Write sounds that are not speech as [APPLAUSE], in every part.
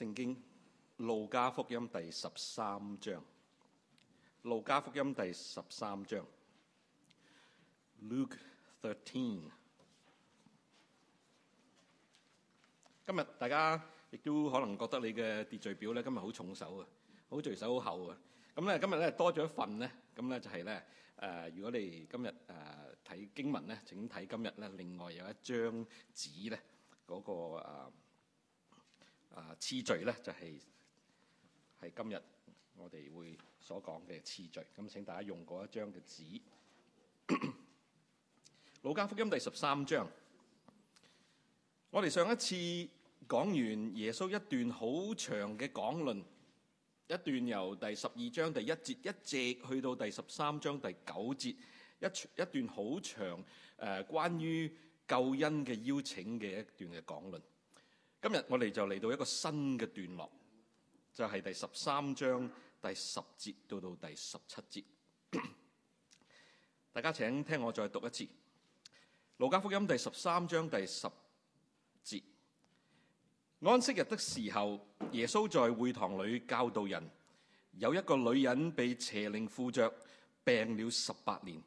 聖經路加福音第十三章。路加福音第十三章。Luke thirteen。今日大家亦都可能覺得你嘅秩序表咧，今日好重手啊，好墜手，好厚啊。咁咧，今日咧多咗一份咧，咁咧就係咧誒，如果你今日誒睇經文咧，請睇今日咧另外有一張紙咧嗰個誒。啊，次序咧就係係今日我哋會所講嘅次序，咁請大家用嗰一張嘅紙， [COUGHS] 《路加福音》第十三章。我哋上一次講完耶穌一段好長嘅講論，一段由第十二章第一節一直去到第十三章第九節，一一段好長誒、呃、關於救恩嘅邀請嘅一段嘅講論。今日我哋就嚟到一個新嘅段落，就係、是、第十三章第十節到到第十七節咳咳。大家請聽我再讀一次《路加福音》第十三章第十節。安息日的時候，耶穌在會堂裏教導人，有一個女人被邪靈附着，病了十八年，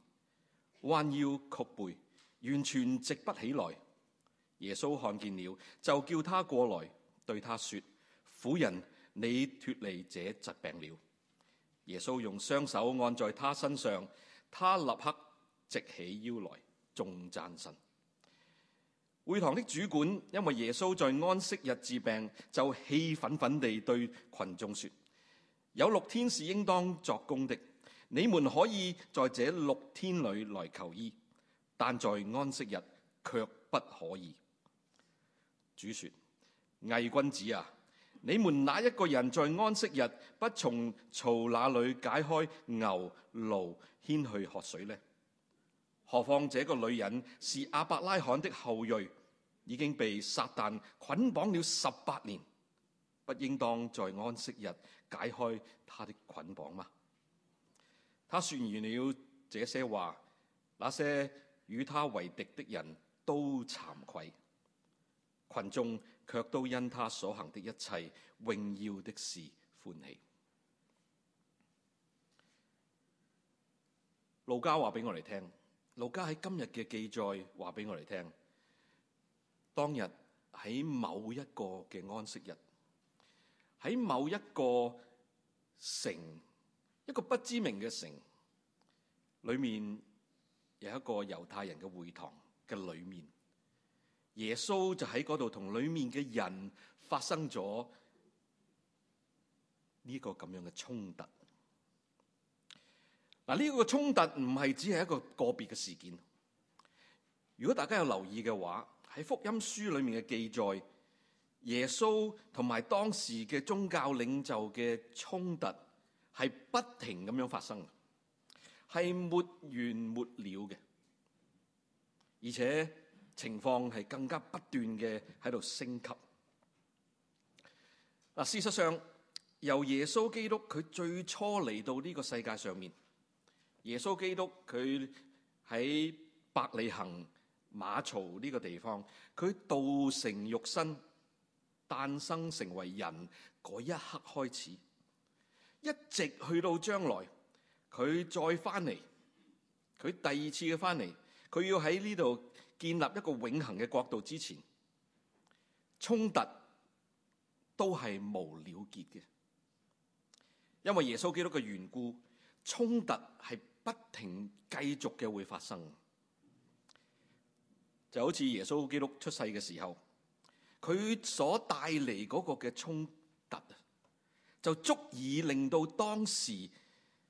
彎腰曲背，完全直不起來。耶穌看見了，就叫他過來對他說：「婦人，你脫離這疾病了。」耶穌用雙手按在他身上，他立刻直起腰來，頌讚神。會堂的主管因為耶穌在安息日治病，就氣憤憤地對群眾説：有六天是應當作工的，你們可以在這六天裏來求醫，但在安息日卻不可以。主説：偽君子啊，你們哪一個人在安息日不從槽那裏解開牛驢，牽去喝水呢？何況這個女人是亞伯拉罕的後裔，已經被撒旦捆綁了十八年，不應當在安息日解開她的捆綁嗎？他説完了這些話，那些與他為敵的人都慚愧。群眾卻都因他所行的一切榮耀的事歡喜。路加話俾我哋聽，路加喺今日嘅記載話俾我哋聽，當日喺某一個嘅安息日，喺某一個城，一個不知名嘅城，裡面有一個猶太人嘅會堂嘅裏面。耶穌就喺嗰度同裡面嘅人發生咗呢個咁樣嘅衝突。嗱，呢個衝突唔係只係一個個別嘅事件。如果大家有留意嘅話，喺福音書裡面嘅記載，耶穌同埋當時嘅宗教領袖嘅衝突係不停咁樣發生，係沒完沒了嘅，而且。情況係更加不斷嘅喺度升級。嗱，事實上，由耶穌基督佢最初嚟到呢個世界上面，耶穌基督佢喺伯利恆馬槽呢個地方，佢道成肉身誕生成為人嗰一刻開始，一直去到將來佢再翻嚟，佢第二次嘅翻嚟，佢要喺呢度，建立一個永恆嘅國度之前，衝突都係無了結嘅，因為耶穌基督嘅緣故，衝突係不停繼續嘅會發生。就好似耶穌基督出世嘅時候，佢所帶嚟嗰個嘅衝突，就足以令到當時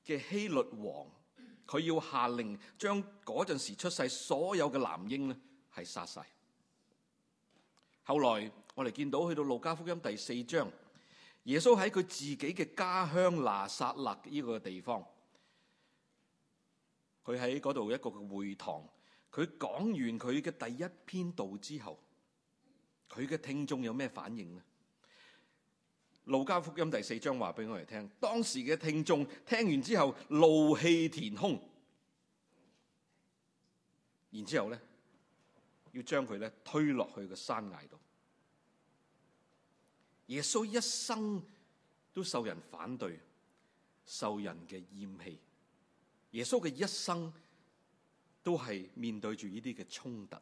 嘅希律王。佢要下令將嗰陣時出世所有嘅男嬰呢，係殺晒。後來我哋見到去到路加福音第四章，耶穌喺佢自己嘅家鄉拿撒勒呢個地方，佢喺嗰度一個會堂，佢講完佢嘅第一篇道之後，佢嘅聽眾有咩反應呢？路加福音第四章話俾我哋聽，當時嘅聽眾聽完之後怒氣填胸，然之後咧要將佢咧推落去個山崖度。耶穌一生都受人反對，受人嘅厭棄。耶穌嘅一生都係面對住呢啲嘅衝突。嗱、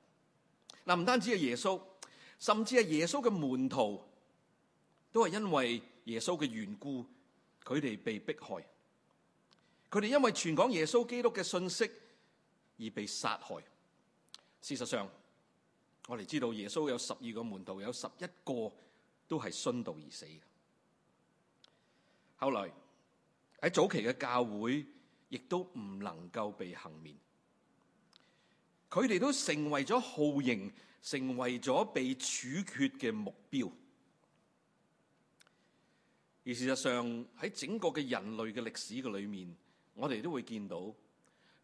啊，唔單止係耶穌，甚至係耶穌嘅門徒。都係因為耶穌嘅緣故，佢哋被迫害。佢哋因為傳講耶穌基督嘅信息而被殺害。事實上，我哋知道耶穌有十二個門徒，有十一個都係殉道而死嘅。後來喺早期嘅教會，亦都唔能夠被幸免。佢哋都成為咗號刑，成為咗被處決嘅目標。而事實上喺整個嘅人類嘅歷史嘅裏面，我哋都會見到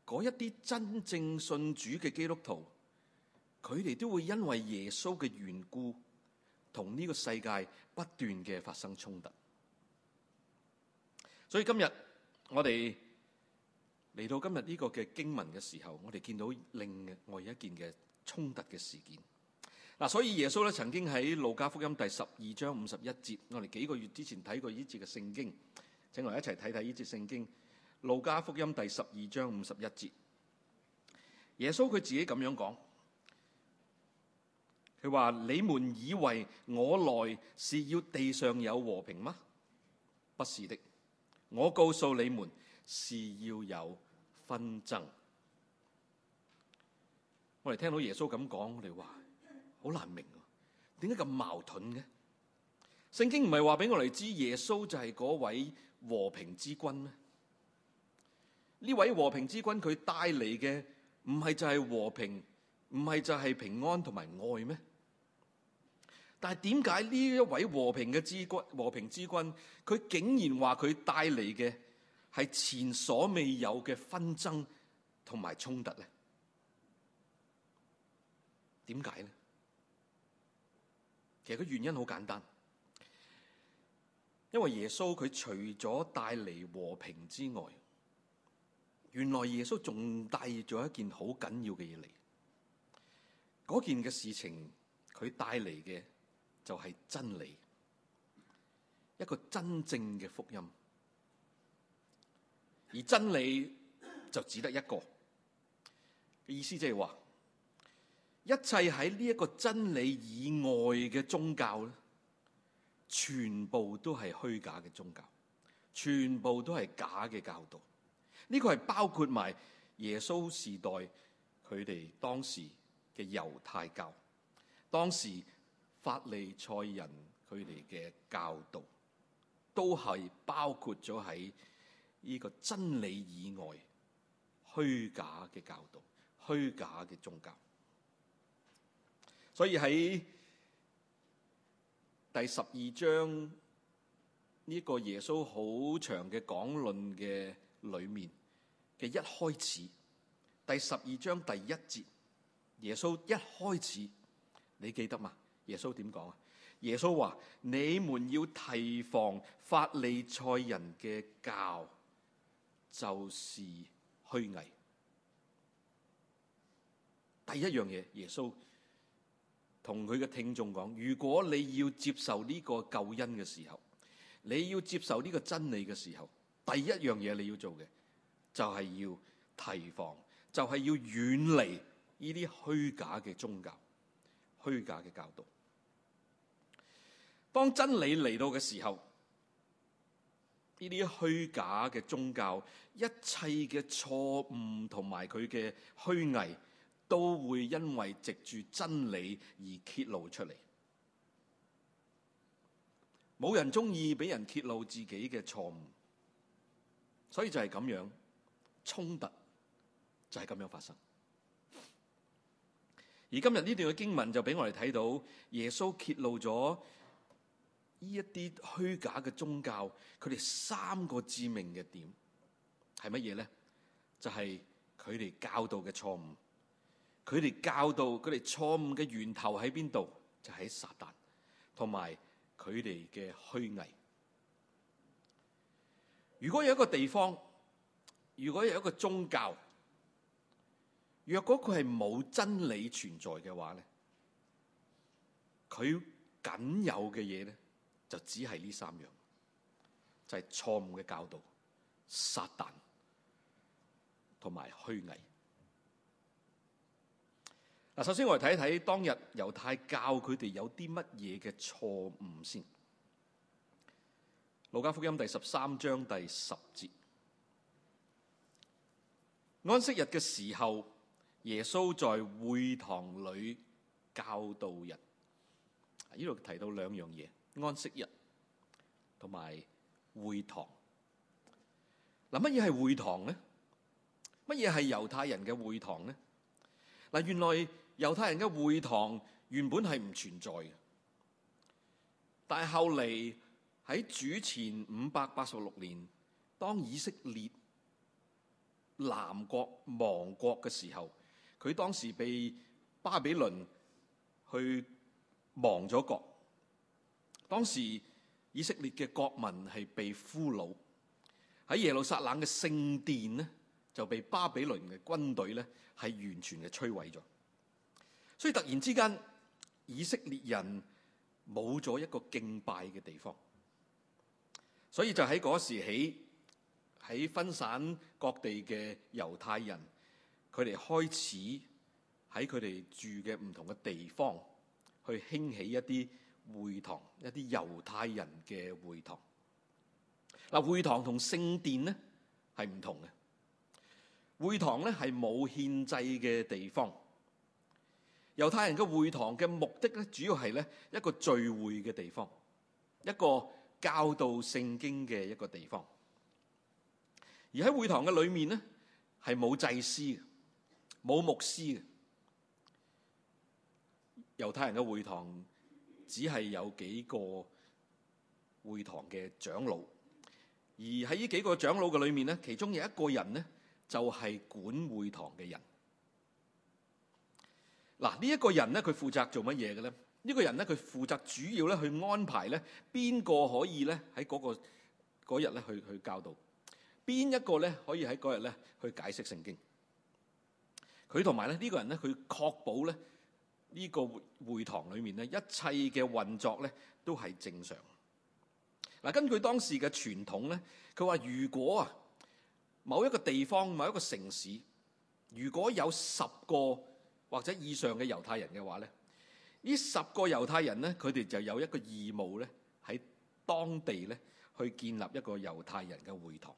嗰一啲真正信主嘅基督徒，佢哋都會因為耶穌嘅緣故，同呢個世界不斷嘅發生衝突。所以今日我哋嚟到今日呢個嘅經文嘅時候，我哋見到另另外一件嘅衝突嘅事件。嗱，所以耶穌咧曾經喺路加福音第十二章五十一節，我哋幾個月之前睇過呢節嘅聖經，請我哋一齊睇睇呢節聖經，路加福音第十二章五十一節，耶穌佢自己咁樣講，佢話，你們以為我來是要地上有和平嗎？不是的，我告訴你們是要有紛爭。我哋聽到耶穌咁講，我哋話。好難明啊，點解咁矛盾嘅？聖經唔係話俾我哋知耶穌就係嗰位和平之君咩？呢位和平之君佢帶嚟嘅唔係就係和平，唔係就係平安同埋愛咩？但係點解呢一位和平嘅之君，和平之君，佢竟然話佢帶嚟嘅係前所未有嘅紛爭同埋衝突咧？點解咧？其實佢原因好簡單，因為耶穌佢除咗帶嚟和平之外，原來耶穌仲帶咗一件好緊要嘅嘢嚟。嗰件嘅事情，佢帶嚟嘅就係真理，一個真正嘅福音。而真理就只得一個，意思即係話。一切喺呢一個真理以外嘅宗教咧，全部都係虛假嘅宗教，全部都係假嘅教導。呢個係包括埋耶穌時代佢哋當時嘅猶太教，當時法利賽人佢哋嘅教導，都係包括咗喺呢個真理以外虛假嘅教導、虛假嘅宗教。所以喺第十二章呢個耶穌好長嘅講論嘅裏面嘅一開始，第十二章第一節，耶穌一開始，你記得嘛？耶穌點講啊？耶穌話：你們要提防法利賽人嘅教，就是虛偽。第一樣嘢，耶穌。同佢嘅聽眾講：如果你要接受呢個救恩嘅時候，你要接受呢個真理嘅時候，第一樣嘢你要做嘅，就係要提防，就係要遠離呢啲虛假嘅宗教、虛假嘅教導。當真理嚟到嘅時候，呢啲虛假嘅宗教、一切嘅錯誤同埋佢嘅虛偽，都會因為藉住真理而揭露出嚟，冇人中意俾人揭露自己嘅錯誤，所以就係咁樣，衝突就係咁樣發生。而今日呢段嘅經文就俾我哋睇到耶穌揭露咗呢一啲虛假嘅宗教，佢哋三個致命嘅點係乜嘢咧？就係佢哋教導嘅錯誤。佢哋教導佢哋錯誤嘅源頭喺邊度？就喺撒旦，同埋佢哋嘅虛偽。如果有一個地方，如果有一個宗教，若果佢係冇真理存在嘅話咧，佢僅有嘅嘢咧，就只係呢三樣，就係錯誤嘅教導、撒旦同埋虛偽。嗱，首先我哋睇一睇當日猶太教佢哋有啲乜嘢嘅錯誤先。路加福音第十三章第十節，安息日嘅時候，耶穌在會堂裏教導人。呢度提到兩樣嘢：安息日同埋會堂。嗱，乜嘢係會堂呢？乜嘢係猶太人嘅會堂呢？嗱，原來。猶太人嘅會堂原本係唔存在嘅，但係後嚟喺主前五百八十六年，當以色列南國亡國嘅時候，佢當時被巴比倫去亡咗國。當時以色列嘅國民係被俘虜，喺耶路撒冷嘅聖殿咧，就被巴比倫嘅軍隊咧係完全嘅摧毀咗。所以突然之間，以色列人冇咗一個敬拜嘅地方，所以就喺嗰時起，喺分散各地嘅猶太人，佢哋開始喺佢哋住嘅唔同嘅地方，去興起一啲會堂，一啲猶太人嘅會堂。嗱，會堂同聖殿咧係唔同嘅，會堂咧係冇獻祭嘅地方。猶太人嘅會堂嘅目的咧，主要係咧一個聚會嘅地方，一個教導聖經嘅一個地方。而喺會堂嘅裏面咧，係冇祭司嘅，冇牧師嘅。猶太人嘅會堂只係有幾個會堂嘅長老，而喺呢幾個長老嘅裏面咧，其中有一個人咧就係管會堂嘅人。嗱，呢一個人咧，佢負責做乜嘢嘅咧？呢個人咧，佢負責主要咧去安排咧邊個可以咧喺嗰個嗰日咧去去教導，邊一個咧可以喺嗰日咧去解釋聖經。佢同埋咧呢個人咧，佢確保咧呢個會堂裏面咧一切嘅運作咧都係正常。嗱，根據當時嘅傳統咧，佢話如果啊，某一個地方，某一個城市，如果有十個。或者以上嘅猶太人嘅話，呢十個猶太人呢，佢哋就有一個義務呢，喺當地呢去建立一個猶太人嘅會堂，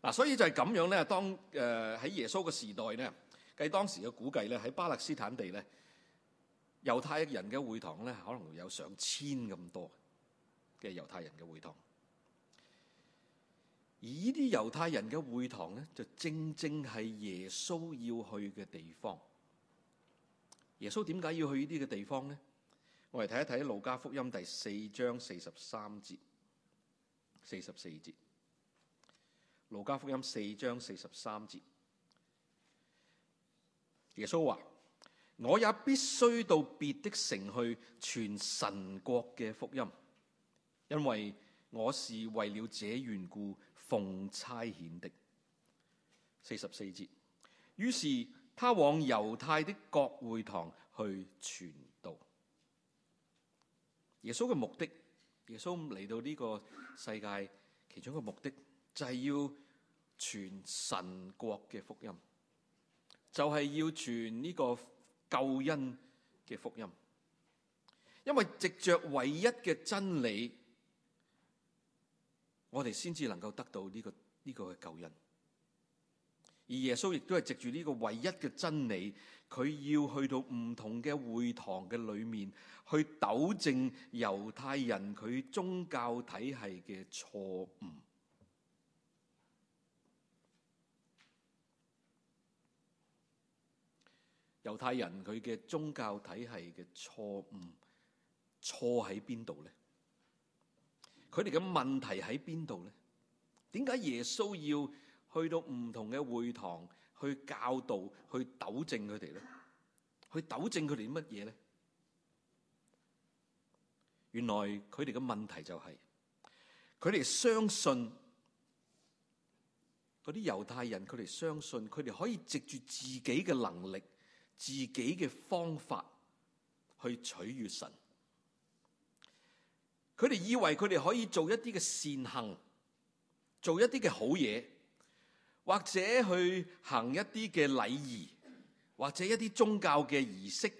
啊。所以就係咁樣呢，當喺、呃、耶穌嘅時代呢，計當時嘅估計呢，喺巴勒斯坦地呢，猶太人嘅會堂呢可能會有上千咁多嘅猶太人嘅會堂。而呢啲猶太人嘅會堂咧，就正正係耶穌要去嘅地方。耶穌點解要去呢啲嘅地方咧？我嚟睇一睇《路加福音》第四章四十三節、四十四節，《路加福音》四章四十三節。耶穌話：我也必須到別的城去傳神國嘅福音，因為我是為了這緣故。奉差遣的。四十四節，於是他往猶太的各會堂去傳道。耶穌嘅目的，耶穌嚟到呢個世界其中一個目的就係要傳神國嘅福音，就係、是、要傳呢個救恩嘅福音，因為藉着唯一嘅真理。我哋先至能夠得到呢、這個呢、這個嘅救恩，而耶穌亦都係藉住呢個唯一嘅真理，佢要去到唔同嘅會堂嘅裏面，去糾正猶太人佢宗教體系嘅錯誤。猶太人佢嘅宗教體系嘅錯誤錯喺邊度咧？佢哋嘅問題喺邊度呢？點解耶穌要去到唔同嘅會堂去教導、去糾正佢哋呢？去糾正佢哋啲乜嘢呢？原來佢哋嘅問題就係佢哋相信嗰啲猶太人，佢哋相信佢哋可以藉住自己嘅能力、自己嘅方法去取悅神。佢哋以為佢哋可以做一啲嘅善行，做一啲嘅好嘢，或者去行一啲嘅禮儀，或者一啲宗教嘅儀式，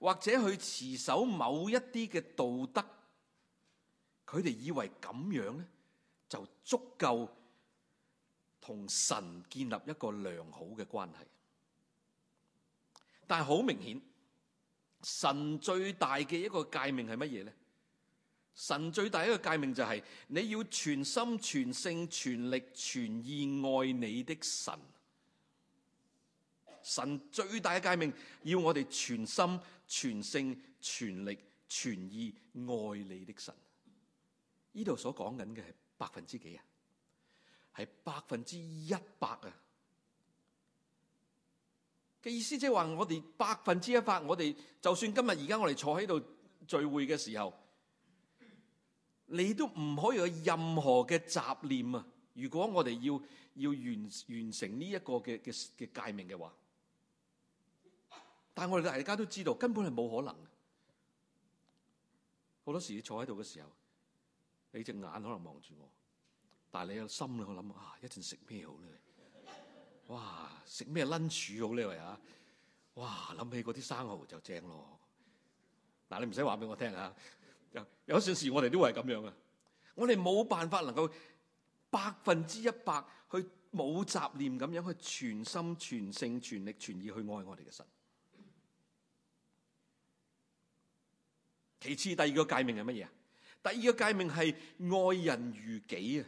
或者去持守某一啲嘅道德，佢哋以為咁樣呢，就足夠同神建立一個良好嘅關係。但係好明顯，神最大嘅一個誡命係乜嘢呢？神最大一個誡命就係、是、你要全心全性全力全意愛你的神。神最大嘅誡命要我哋全心全性全力全意愛你的神。呢度所講緊嘅係百分之幾啊？係百分之一百啊！嘅意思即係話我哋百分之一百，我哋就算今日而家我哋坐喺度聚會嘅時候。你都唔可以有任何嘅雜念啊！如果我哋要要完完成呢一個嘅嘅嘅誡命嘅話，但係我哋大家都知道，根本係冇可能。好多時候你坐喺度嘅時候，你隻眼可能望住我，但係你有心咧，我諗啊，一陣食咩好咧？哇，食咩 lunch 好咧？吓，哇，諗起嗰啲生蚝就正咯。嗱，你唔使話俾我聽啊！有一件事我哋都係咁樣啊！我哋冇辦法能夠百分之一百去冇雜念咁樣去全心全性全力全意去愛我哋嘅神。其次第二個誡命係乜嘢啊？第二個誡命係愛人如己啊！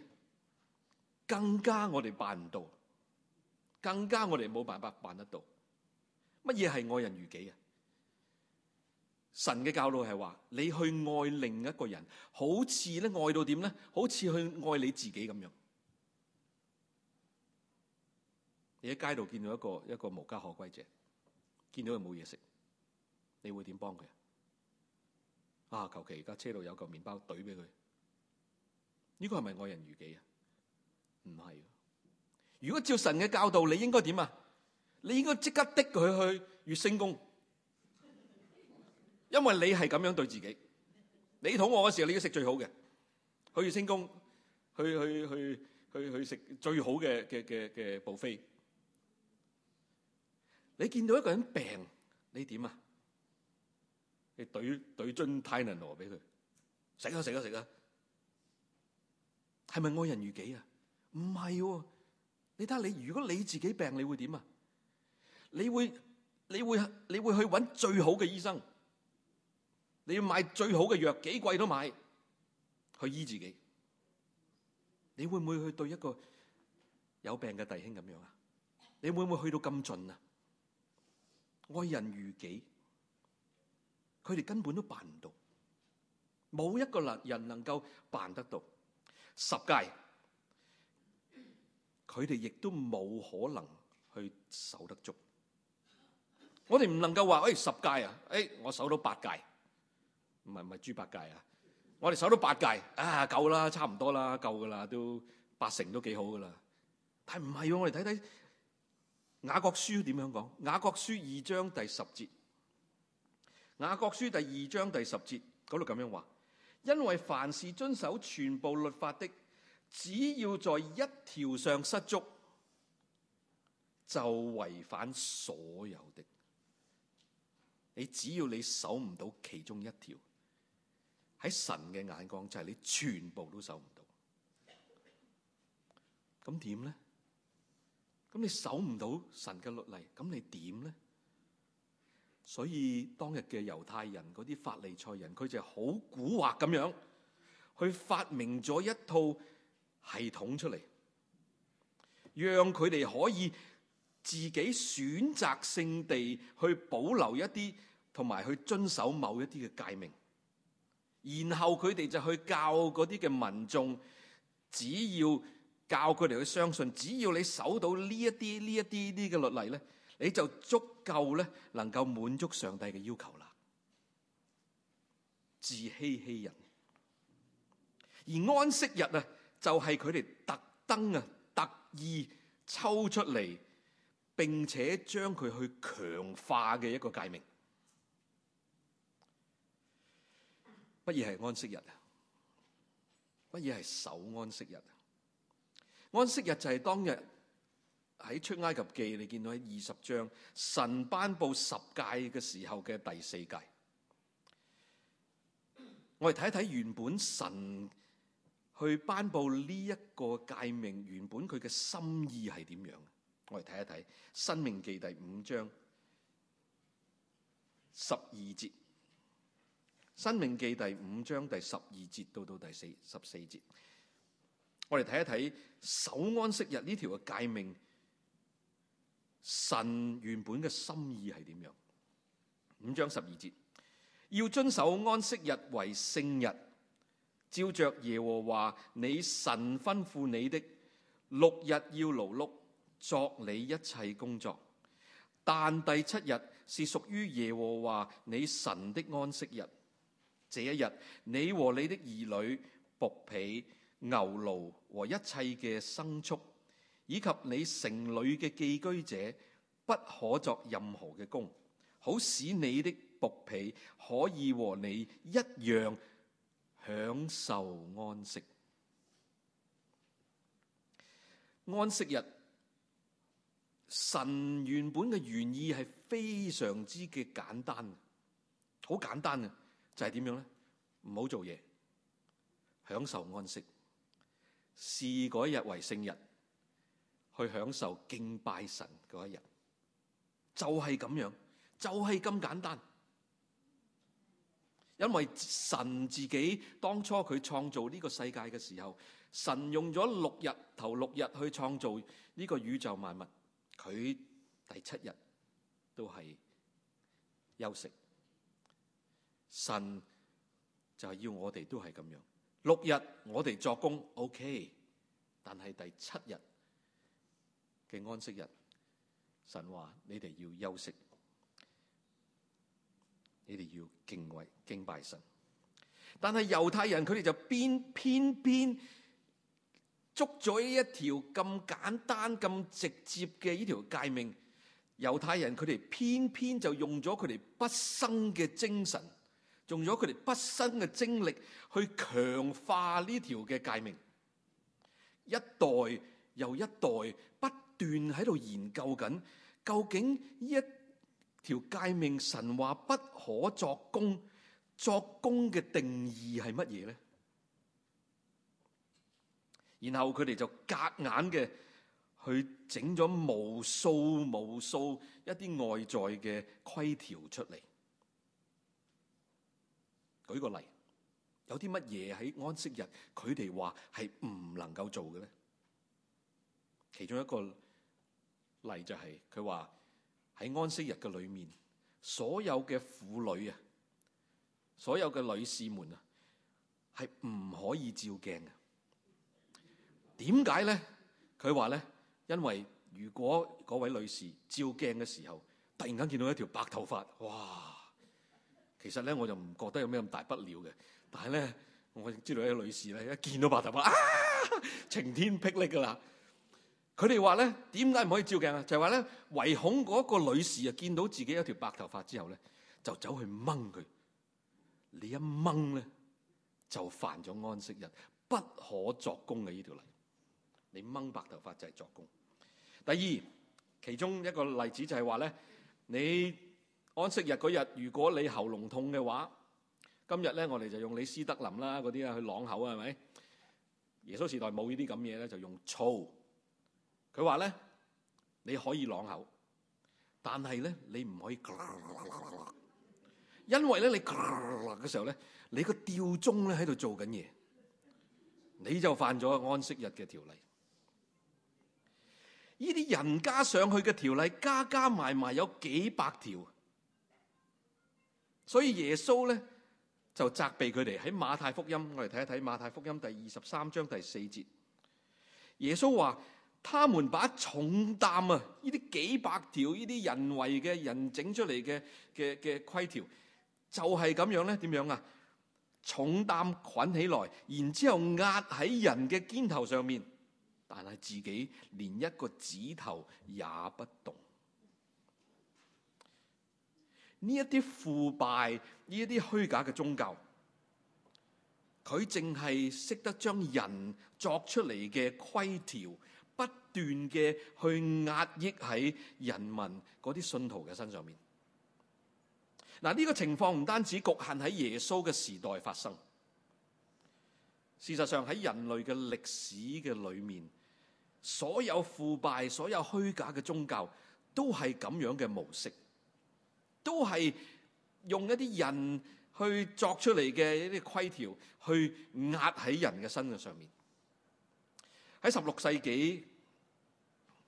更加我哋辦唔到，更加我哋冇辦法辦得到。乜嘢係愛人如己啊？神嘅教導係話：你去愛另一個人，好似咧愛到點咧？好似去愛你自己咁樣。你喺街度見到一個一個無家可歸者，見到佢冇嘢食，你會點幫佢？啊，求其而家車度有嚿麪包給他，懟俾佢。呢個係咪愛人如己啊？唔係。如果照神嘅教導，你應該點啊？你應該即刻的佢去月星宮。因為你係咁樣對自己，你肚餓嘅時候，你要食最好嘅去升工去去去去去食最好嘅嘅嘅嘅 buffet。你見到一個人病，你點啊？你兌兌樽泰納羅俾佢食啊食啊食啊！係咪、啊啊、愛人如己啊？唔係你睇下，你，你如果你自己病，你會點啊？你會你會你會，你會去揾最好嘅醫生。你要買最好嘅藥，幾貴都買去醫自己。你會唔會去對一個有病嘅弟兄咁樣啊？你會唔會去到咁盡啊？愛人如己，佢哋根本都辦唔到，冇一個能人能夠辦得到。十戒，佢哋亦都冇可能去守得住。我哋唔能夠話：，誒、哎，十戒啊，誒、哎，我守到八戒。唔係唔係，豬八戒啊！我哋守到八戒啊，夠啦，差唔多啦，夠噶啦，都八成都幾好噶啦。但係唔係我哋睇睇雅各書點樣講？雅各書，書二章第十節，雅各書第二章第十節嗰度咁樣話：因為凡事遵守全部律法的，只要在一條上失足，就違反所有的。你只要你守唔到其中一條。喺神嘅眼光就係、是、你全部都守唔到，咁點呢？咁你守唔到神嘅律例，咁你點呢？所以當日嘅猶太人嗰啲法利賽人，佢就好古惑咁樣，去發明咗一套系統出嚟，讓佢哋可以自己選擇性地去保留一啲，同埋去遵守某一啲嘅誡命。然後佢哋就去教嗰啲嘅民眾，只要教佢哋去相信，只要你守到呢一啲呢一啲呢嘅律例咧，你就足夠咧，能夠滿足上帝嘅要求啦。自欺欺人，而安息日啊，就係佢哋特登啊，特意抽出嚟，並且將佢去強化嘅一個誡命。乜嘢係安息日啊？乜嘢係守安息日？安息日就係當日喺出埃及記，你見到喺二十章神頒布十誡嘅時候嘅第四誡。我哋睇一睇原本神去頒布呢一個誡命，原本佢嘅心意係點樣嘅？我哋睇一睇《申命記》第五章十二節。《申命記》第五章第十二節到到第四十四節，我哋睇一睇守安息日呢條嘅誡命，神原本嘅心意係點樣？五章十二節要遵守安息日為聖日，照着耶和華你神吩咐你的，六日要勞碌作你一切工作，但第七日是屬於耶和華你神的安息日。這一日，你和你的兒女、僕婢、牛驢和一切嘅牲畜，以及你城裏嘅寄居者，不可作任何嘅工，好使你的僕婢可以和你一樣享受安息。安息日，神原本嘅原意係非常之嘅簡單，好簡單啊！就係點樣咧？唔好做嘢，享受安息。視嗰一日為聖日，去享受敬拜神嗰一日，就係咁樣，就係咁簡單。因為神自己當初佢創造呢個世界嘅時候，神用咗六日頭六日去創造呢個宇宙萬物，佢第七日都係休息。神就係要我哋都係咁樣，六日我哋作工 OK，但係第七日嘅安息日，神話你哋要休息，你哋要敬畏敬拜神。但係猶太人佢哋就偏偏偏捉咗呢一條咁簡單咁直接嘅呢條誡命，猶太人佢哋偏偏就用咗佢哋畢生嘅精神。用咗佢哋畢生嘅精力去強化呢條嘅誡命，一代又一代不斷喺度研究緊究竟呢一條誡命神話不可作工，作工嘅定義係乜嘢咧？然後佢哋就夾硬嘅去整咗無數無數一啲外在嘅規條出嚟。舉個例，有啲乜嘢喺安息日佢哋話係唔能夠做嘅咧？其中一個例就係佢話喺安息日嘅裏面，所有嘅婦女啊，所有嘅女士們啊，係唔可以照鏡嘅。點解咧？佢話咧，因為如果嗰位女士照鏡嘅時候，突然間見到一條白頭髮，哇！其實咧，我就唔覺得有咩咁大不了嘅。但係咧，我知道一個女士咧，一見到白頭髮啊，晴天霹靂噶啦！佢哋話咧，點解唔可以照鏡啊？就係話咧，唯恐嗰個女士啊，見到自己有條白頭髮之後咧，就走去掹佢。你一掹咧，就犯咗安息日不可作工嘅呢條例。你掹白頭髮就係作工。第二，其中一個例子就係話咧，你。安息日嗰日，如果你喉嚨痛嘅話，今日咧我哋就用李斯德林啦，嗰啲啊去啷口啊，係咪？耶穌時代冇呢啲咁嘢咧，就用醋。佢話咧，你可以啷口，但係咧你唔可以，因為咧你嘅時候咧，你個吊鐘咧喺度做緊嘢，你就犯咗安息日嘅條例。呢啲人加上去嘅條例，加加埋埋有幾百條。所以耶穌咧就責備佢哋喺馬太福音，我哋睇一睇馬太福音第二十三章第四節。耶穌話：「他們把重擔啊，呢啲幾百條呢啲人為嘅人整出嚟嘅嘅嘅規條，就係、是、咁樣咧，點樣啊？重擔捆起來，然之後壓喺人嘅肩頭上面，但係自己連一個指頭也不動。」呢一啲腐敗、呢一啲虛假嘅宗教，佢淨係識得將人作出嚟嘅規條，不斷嘅去壓抑喺人民嗰啲信徒嘅身上面。嗱，呢個情況唔單止局限喺耶穌嘅時代發生，事實上喺人類嘅歷史嘅裏面，所有腐敗、所有虛假嘅宗教都係咁樣嘅模式。都係用一啲人去作出嚟嘅一啲規條，去壓喺人嘅身上面。喺十六世紀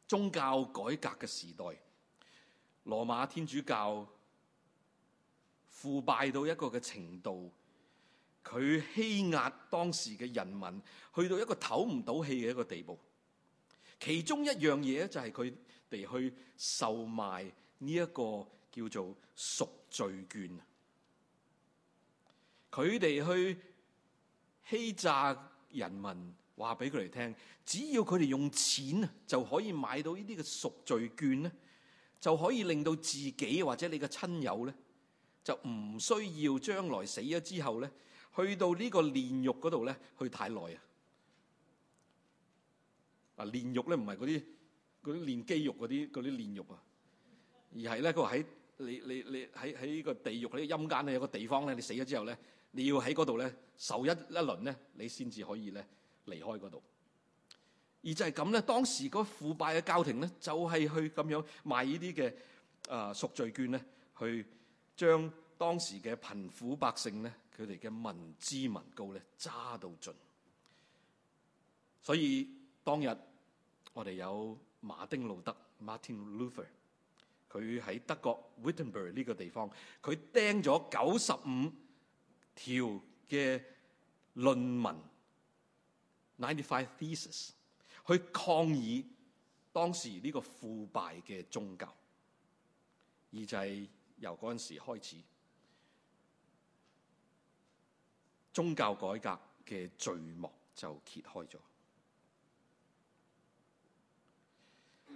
宗教改革嘅時代，羅馬天主教腐敗到一個嘅程度，佢欺壓當時嘅人民，去到一個唞唔到氣嘅一個地步。其中一樣嘢就係佢哋去售賣呢一個。叫做贖罪券啊！佢哋去欺詐人民，話俾佢哋聽，只要佢哋用錢啊，就可以買到呢啲嘅贖罪券咧，就可以令到自己或者你嘅親友咧，就唔需要將來死咗之後咧，去到呢個煉獄嗰度咧，去太耐啊！啊煉獄咧，唔係嗰啲嗰啲煉肌肉嗰啲嗰啲煉獄啊，而係咧佢話喺。你你你喺喺個地獄、呢陰間咧有個地方咧，你死咗之後咧，你要喺嗰度咧受一一輪咧，你先至可以咧離開嗰度。而就係咁咧，當時個腐敗嘅教廷咧，就係去咁樣賣呢啲嘅啊贖罪券咧，去將當時嘅貧苦百姓咧，佢哋嘅民脂民膏咧揸到盡。所以當日我哋有馬丁路德 （Martin Luther）。佢喺德國 Wittenberg 呢個地方，佢釘咗九十五條嘅論文 （ninety-five t h e s i s 去抗議當時呢個腐敗嘅宗教，而就係由嗰陣時開始，宗教改革嘅序幕就揭開咗。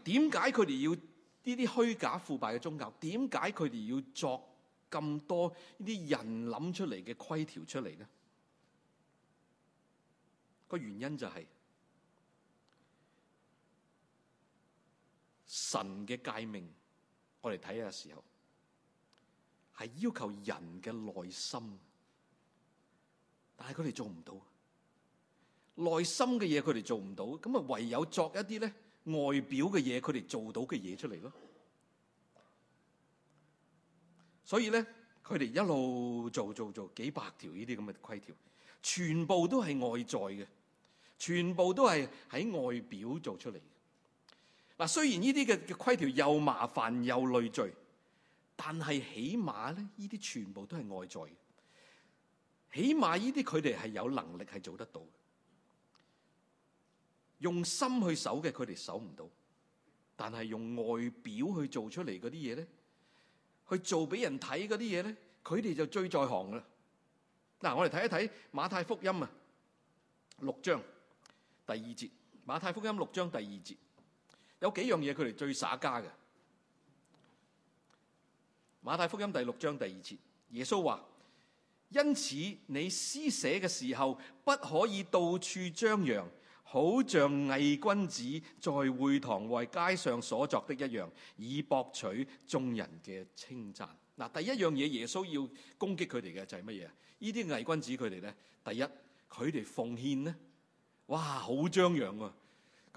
點解佢哋要？呢啲虛假腐敗嘅宗教，點解佢哋要作咁多呢啲人諗出嚟嘅規條出嚟咧？個原因就係神嘅誡命，我哋睇嘅時候係要求人嘅內心，但係佢哋做唔到，內心嘅嘢佢哋做唔到，咁啊唯有作一啲咧，外表嘅嘢，佢哋做到嘅嘢出嚟咯。所以咧，佢哋一路做做做幾百條呢啲咁嘅規條，全部都係外在嘅，全部都係喺外表做出嚟嘅。嗱，雖然呢啲嘅規條又麻煩又累贅，但係起碼咧，呢啲全部都係外在嘅，起碼呢啲佢哋係有能力係做得到嘅。用心去守嘅，佢哋守唔到；但係用外表去做出嚟嗰啲嘢咧，去做俾人睇嗰啲嘢咧，佢哋就最在行啦。嗱，我哋睇一睇馬太福音啊，六章第二節，馬太福音六章第二節有幾樣嘢佢哋最耍家嘅。馬太福音第六章第二節，耶穌話：因此你施捨嘅時候，不可以到處張揚。好像偽君子在會堂外街上所作的一樣，以博取眾人嘅稱讚。嗱，第一樣嘢，耶穌要攻擊佢哋嘅就係乜嘢？啊，呢啲偽君子佢哋咧，第一佢哋奉獻咧，哇，好張揚啊、哦！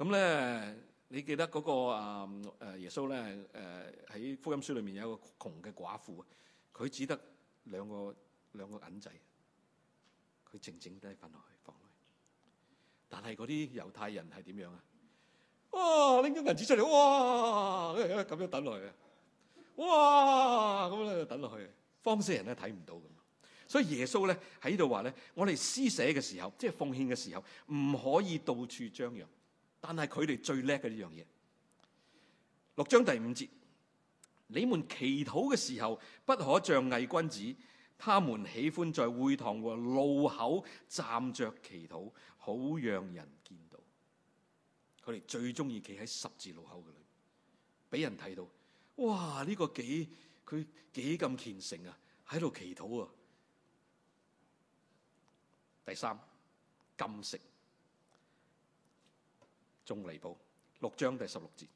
咁咧，你記得、嗰個啊誒、啊、耶穌咧誒喺福音書裏面有一個窮嘅寡婦，啊佢只得兩個兩個銀仔，佢靜靜地瞓落去。但係嗰啲猶太人係點樣啊？哇！拎啲銀紙出嚟，哇！咁樣等落去，啊！哇！咁樣等落去，方式人咧睇唔到咁。所以耶穌咧喺度話咧：我哋施捨嘅時候，即係奉獻嘅時候，唔可以到處張揚。但係佢哋最叻嘅呢樣嘢。六章第五節：你們祈禱嘅時候，不可像偽君子。他們喜歡在會堂和路口站着祈禱。好讓人見到，佢哋最中意企喺十字路口嘅裏，俾人睇到，哇！呢、這個幾佢幾咁虔誠啊，喺度祈禱啊。第三，禁食，眾尼布六章第十六節：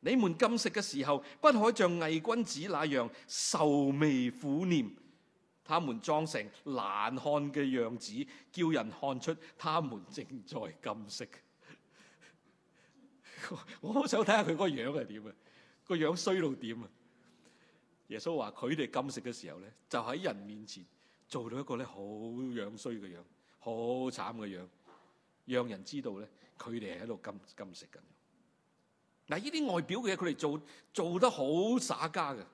你們禁食嘅時候，不可像偽君子那樣愁眉苦臉。他們裝成難看嘅樣子，叫人看出他們正在禁食。 [LAUGHS] 我好想睇下佢嗰個樣係點啊，個樣衰到點啊！耶穌話佢哋禁食嘅時候咧，就喺人面前做到一個咧好樣衰嘅樣，好慘嘅樣，讓人知道他佢哋係喺度禁食緊。嗱，呢啲外表嘅嘢佢哋做做得好耍家嘅。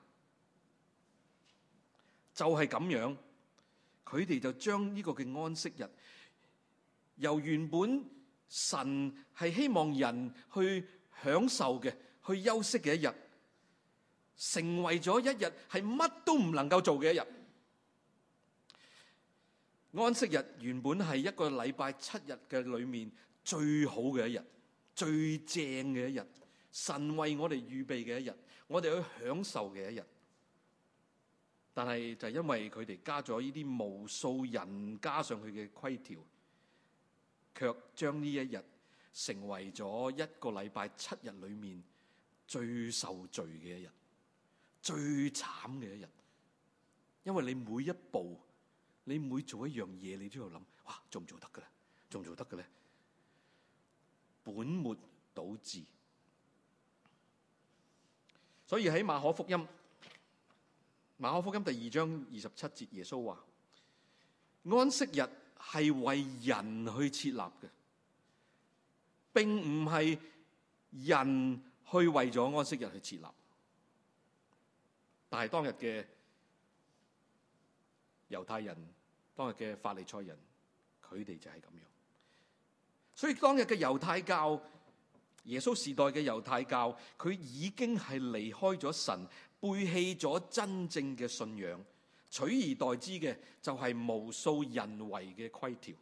就係咁樣，佢哋就將呢個嘅安息日，由原本神係希望人去享受嘅，去休息嘅一日，成為咗一日係乜都唔能夠做嘅一日。安息日原本係一個禮拜七日嘅裏面最好嘅一日，最正嘅一日，神為我哋預備嘅一日，我哋去享受嘅一日。但是就是因為佢哋加咗呢啲無數人加上去嘅規條，卻將呢一日成為咗一個禮拜七日裏面最受罪嘅一日，最慘嘅一日。因為你每一步，你每做一樣嘢，你都要諗：哇，做唔做得㗎？做唔做得㗎咧？本末倒置。所以喺馬可福音。馬可福音第二章二十七節，耶穌話：安息日係為人去設立嘅，並唔係人去為咗安息日去設立。但係當日嘅猶太人，當日嘅法利賽人，佢哋就係咁樣。所以當日嘅猶太教，耶穌時代嘅猶太教，佢已經係離開咗神。背棄咗真正嘅信仰，取而代之嘅就係無數人為嘅規條，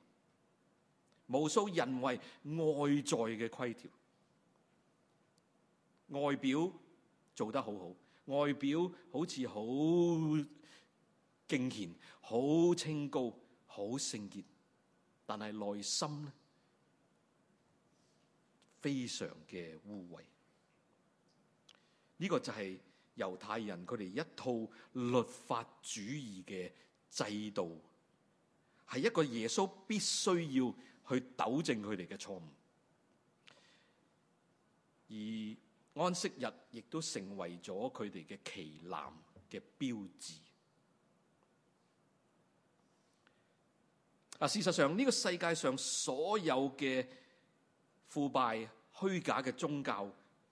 無數人為外在嘅規條，外表做得好好，外表好似好敬虔、好清高、好聖潔，但係內心呢非常嘅污穢。呢、這個就係、是。猶太人佢哋一套律法主義嘅制度，係一個耶穌必須要去糾正佢哋嘅錯誤，而安息日亦都成為咗佢哋嘅旗幟嘅標誌。嗱，事實上呢個世界上所有嘅腐敗、虛假嘅宗教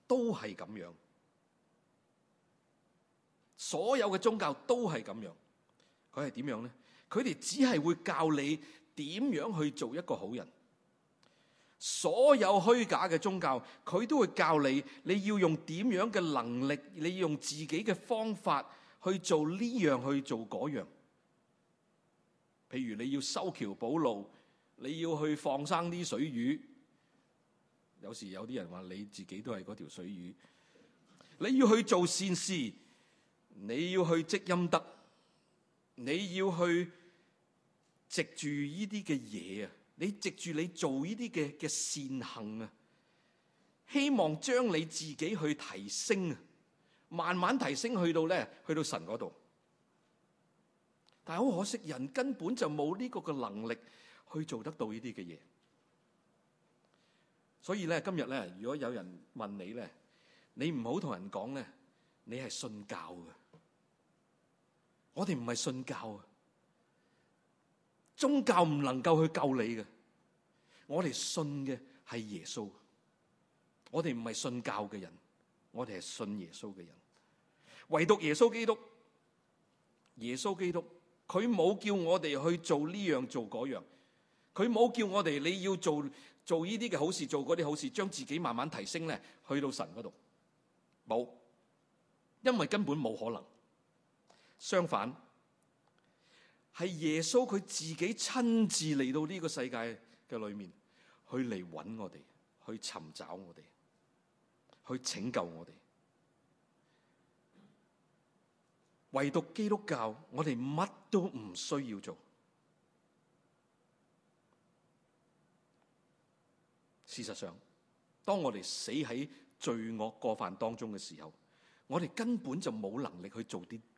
都係咁樣。所有嘅宗教都係咁樣，佢係點樣呢？佢哋只係會教你點樣去做一個好人。所有虛假嘅宗教，佢都會教你你要用點樣嘅能力，你用自己嘅方法去做呢樣去做嗰樣。譬如你要修橋補路，你要去放生啲水魚。有時有啲人話你自己都係嗰條水魚，你要去做善事。你要去積陰德，你要去藉住呢啲嘅嘢啊！你藉住你做呢啲嘅嘅善行啊，希望將你自己去提升啊，慢慢提升去到咧，去到神嗰度。但係好可惜，人根本就冇呢個嘅能力去做得到呢啲嘅嘢。所以咧，今日咧，如果有人問你咧，你唔好同人講咧，你係信教嘅。我哋唔係信教啊，宗教唔能夠去救你嘅。我哋信嘅係耶穌，我哋唔係信教嘅人，我哋係信耶穌嘅人。唯獨耶穌基督，耶穌基督，佢冇叫我哋去做呢樣做嗰樣，佢冇叫我哋你要做做呢啲嘅好事，做嗰啲好事，將自己慢慢提升咧，去到神嗰度，冇，因為根本冇可能。相反，係耶穌佢自己親自嚟到呢個世界嘅裏面，去嚟揾我哋，去尋找我哋，去拯救我哋。唯獨基督教，我哋乜都唔需要做。事實上，當我哋死喺罪惡過犯當中嘅時候，我哋根本就冇能力去做啲。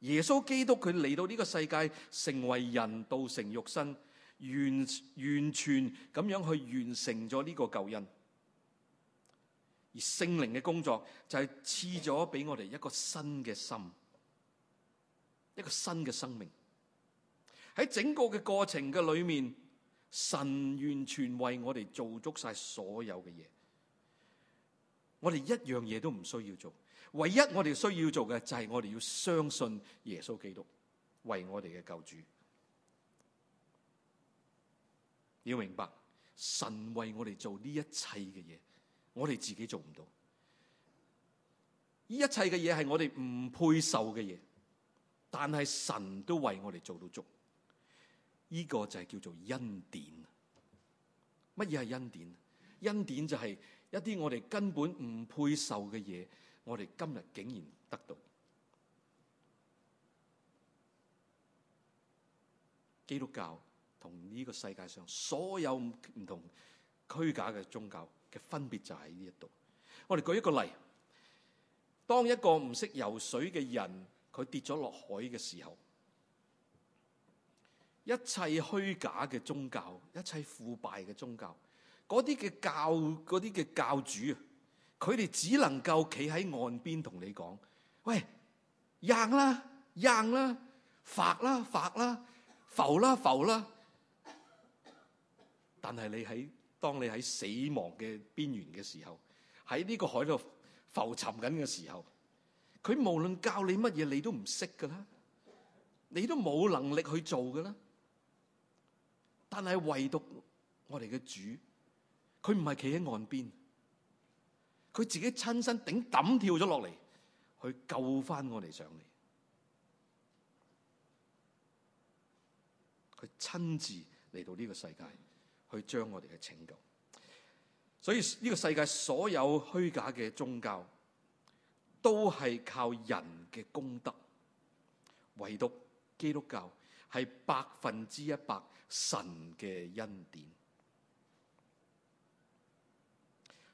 耶穌基督佢嚟到呢個世界，成為人，道成肉身，完完全咁樣去完成咗呢個救恩。而聖靈嘅工作就係賜咗俾我哋一個新嘅心，一個新嘅生命。喺整個嘅過程嘅裏面，神完全為我哋做足晒所有嘅嘢，我哋一樣嘢都唔需要做。唯一我哋需要做嘅就係我哋要相信耶穌基督為我哋嘅救主。你要明白神為我哋做呢一切嘅嘢，我哋自己做唔到。呢一切嘅嘢係我哋唔配受嘅嘢，但係神都為我哋做到足呢個，呢個就係叫做恩典。乜嘢係恩典？恩典就係一啲我哋根本唔配受嘅嘢。我哋今日竟然得到基督教同呢個世界上所有唔同虛假嘅宗教嘅分別就喺呢一度。我哋舉一個例：當一個唔識游水嘅人佢跌咗落海嘅時候，一切虛假嘅宗教、一切腐敗嘅宗教，嗰啲嘅教、嗰啲嘅教主佢哋只能夠企喺岸邊同你講：「喂，揚啦，揚啦，浮啦，浮啦，浮啦，浮啦。但係你喺當你喺死亡嘅邊緣嘅時候，喺呢個海度浮沉緊嘅時候，佢無論教你乜嘢，你都唔識㗎啦，你都冇能力去做㗎啦。但係唯獨我哋嘅主，佢唔係企喺岸邊。佢自己親身頂抌跳咗落嚟，去救翻我哋上嚟。佢親自嚟到呢個世界，去將我哋嘅拯救。所以呢個世界所有虛假嘅宗教，都係靠人嘅功德。唯獨基督教係百分之一百神嘅恩典。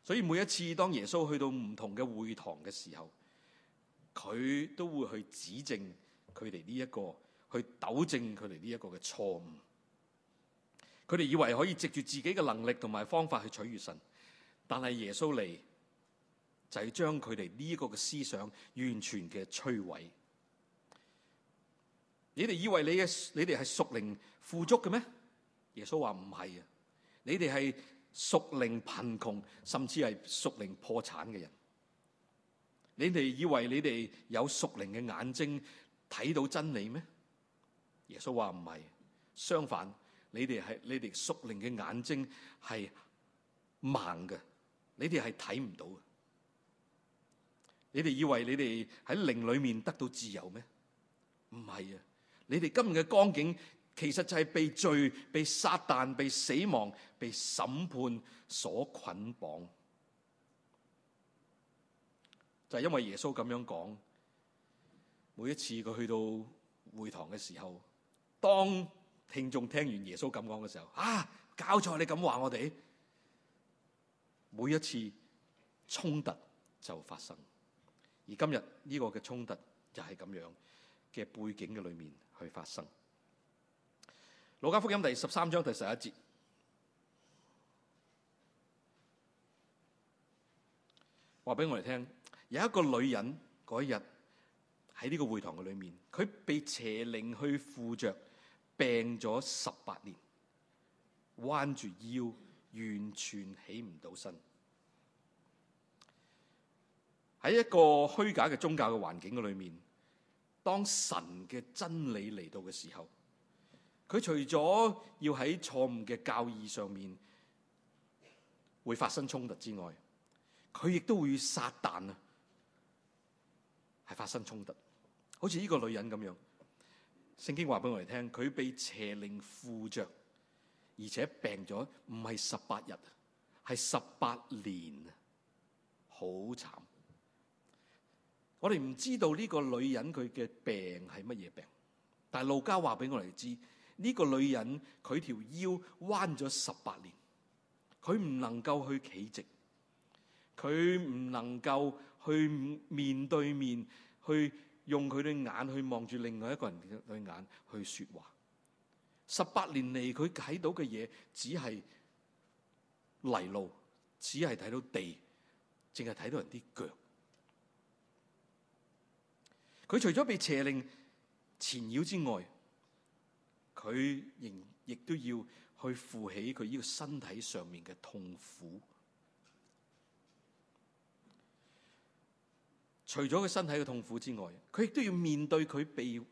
所以每一次當耶穌去到唔同嘅會堂嘅時候，佢都會去指正佢哋呢一個，去糾正佢哋呢一個嘅錯誤。佢哋以為可以藉住自己嘅能力同埋方法去取悦神，但係耶穌嚟就係、是、將佢哋呢一個嘅思想完全嘅摧毀。你哋以為你嘅你哋係屬靈富足嘅咩？耶穌話唔係啊，你哋係。屬靈貧窮，甚至係屬靈破產嘅人，你哋以為你哋有屬靈嘅眼睛睇到真理咩？耶穌話唔係，相反，你哋係你哋屬靈嘅眼睛係盲嘅，你哋係睇唔到嘅。你哋以為你哋喺靈裡面得到自由咩？唔係啊！你哋今日嘅光景，其實就係被罪、被撒但、被死亡、被審判所捆綁，就係因為耶穌咁樣講。每一次佢去到會堂嘅時候，當聽眾聽完耶穌咁講嘅時候，啊，搞錯你咁話我哋，每一次衝突就發生。而今日呢個嘅衝突就係咁樣嘅背景嘅裏面去發生。《路加福音》第十三章第十一節，話俾我哋聽，有一個女人嗰日喺呢個會堂嘅裏面，佢被邪靈去附着，病咗十八年，彎住腰，完全起唔到身。喺一個虛假嘅宗教嘅環境嘅裏面，當神嘅真理嚟到嘅時候。佢除咗要喺錯誤嘅教義上面會發生衝突之外，佢亦都會與撒但啊係發生衝突，好似呢個女人咁樣。聖經話俾我哋聽，佢被邪靈附著，而且病咗唔係十八日，係十八年啊！好慘。我哋唔知道呢個女人佢嘅病係乜嘢病，但係路加話俾我哋知。呢個女人佢條腰彎咗十八年，佢唔能夠去企直，佢唔能夠去面對面，去用佢對眼去望住另外一個人對眼去說話。十八年嚟佢睇到嘅嘢只係泥路，只係睇到地，淨係睇到人啲腳。佢除咗被邪靈纏繞之外，佢仍亦，亦都要去負起佢呢個身體上面嘅痛苦。除咗佢身體嘅痛苦之外，佢亦都要面對佢被遺